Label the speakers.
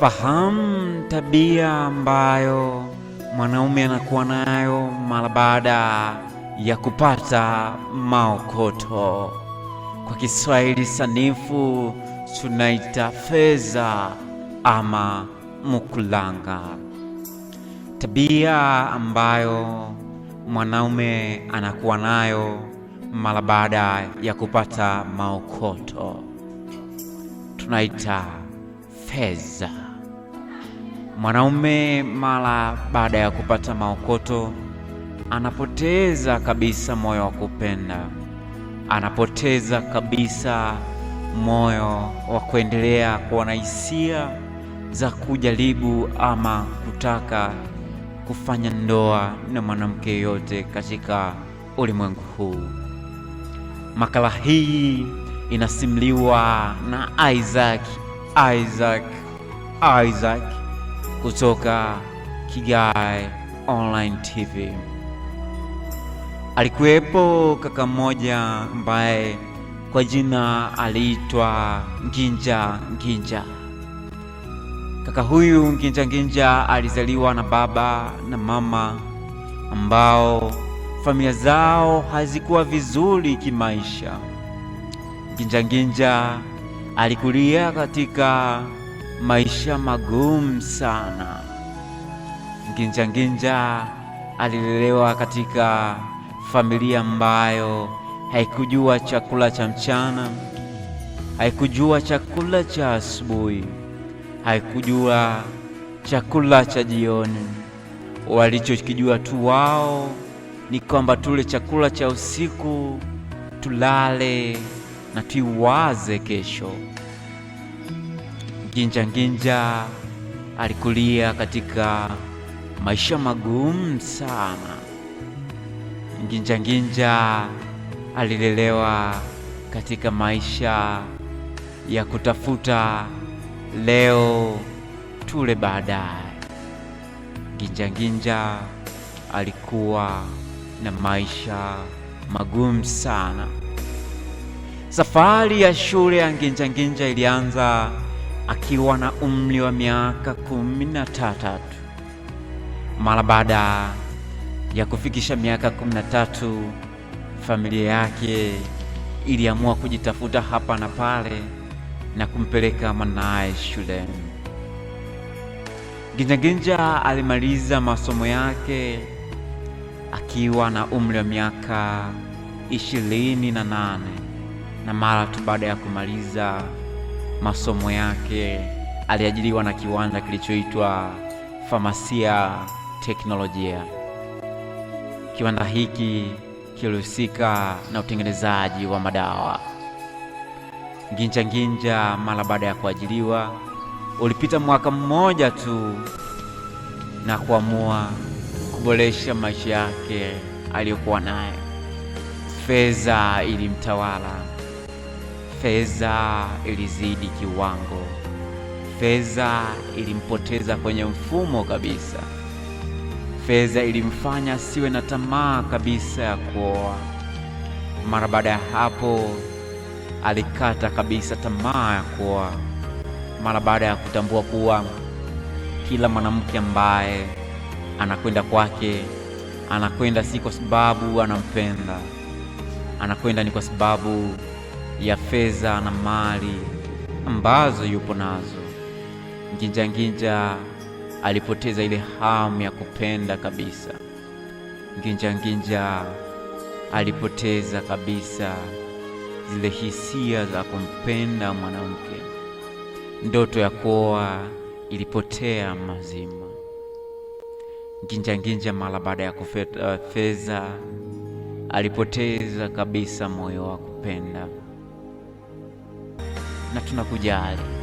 Speaker 1: fahamu tabia ambayo mwanaume anakuwa nayo mara baada ya kupata maokoto. Kwa Kiswahili sanifu tunaita feza ama mukulanga, tabia ambayo mwanaume anakuwa nayo mara baada ya kupata maokoto tunaita feza Mwanaume mara baada ya kupata maokoto anapoteza kabisa moyo wa kupenda, anapoteza kabisa moyo wa kuendelea kuwa na hisia za kujaribu ama kutaka kufanya ndoa na mwanamke yoyote katika ulimwengu huu. Makala hii inasimuliwa na Isaac, Isaac, Isaac kutoka Kigai Online TV. Alikuwepo kaka mmoja ambaye kwa jina aliitwa Nginja Nginja. Kaka huyu Nginja Nginja alizaliwa na baba na mama ambao familia zao hazikuwa vizuri kimaisha. Nginja Nginja alikulia katika maisha magumu sana. Nginja Nginja alilelewa katika familia ambayo haikujua chakula cha mchana, haikujua chakula cha asubuhi, haikujua chakula cha jioni. Walichokijua tu wao ni kwamba tule chakula cha usiku, tulale na tuiwaze kesho. Ginja Ginja alikulia katika maisha magumu sana. Ginja Ginja alilelewa katika maisha ya kutafuta leo tule baadaye. Ginja Ginja alikuwa na maisha magumu sana. Safari ya shule ya Ginja Ginja ilianza akiwa na umri wa miaka kumi na tatu. Mara baada ya kufikisha miaka kumi na tatu, familia yake iliamua kujitafuta hapa na pale na kumpeleka mwanaye shuleni. Ginjaginja alimaliza masomo yake akiwa na umri wa miaka ishirini na nane na mara tu baada ya kumaliza masomo yake aliajiriwa na kiwanda kilichoitwa Farmacia Teknolojia. Kiwanda hiki kilihusika na utengenezaji wa madawa. Nginja nginja, mara baada ya kuajiriwa, ulipita mwaka mmoja tu na kuamua kuboresha maisha yake aliyokuwa naye Fedha ilimtawala. Fedha ilizidi kiwango, fedha ilimpoteza kwenye mfumo kabisa. Fedha ilimfanya siwe na tamaa kabisa ya kuoa. Mara baada ya hapo, alikata kabisa tamaa ya kuoa mara baada ya kutambua kuwa kila mwanamke ambaye anakwenda kwake anakwenda si kwa sababu anampenda, anakwenda ni kwa sababu ya fedha na mali ambazo yupo nazo. Nginjanginja alipoteza ile hamu ya kupenda kabisa. Nginjanginja alipoteza kabisa zile hisia za kumpenda mwanamke. Ndoto ya kuoa ilipotea mazima. Nginjanginja mara baada ya kufedha fedha alipoteza kabisa moyo wa kupenda na tunakujali.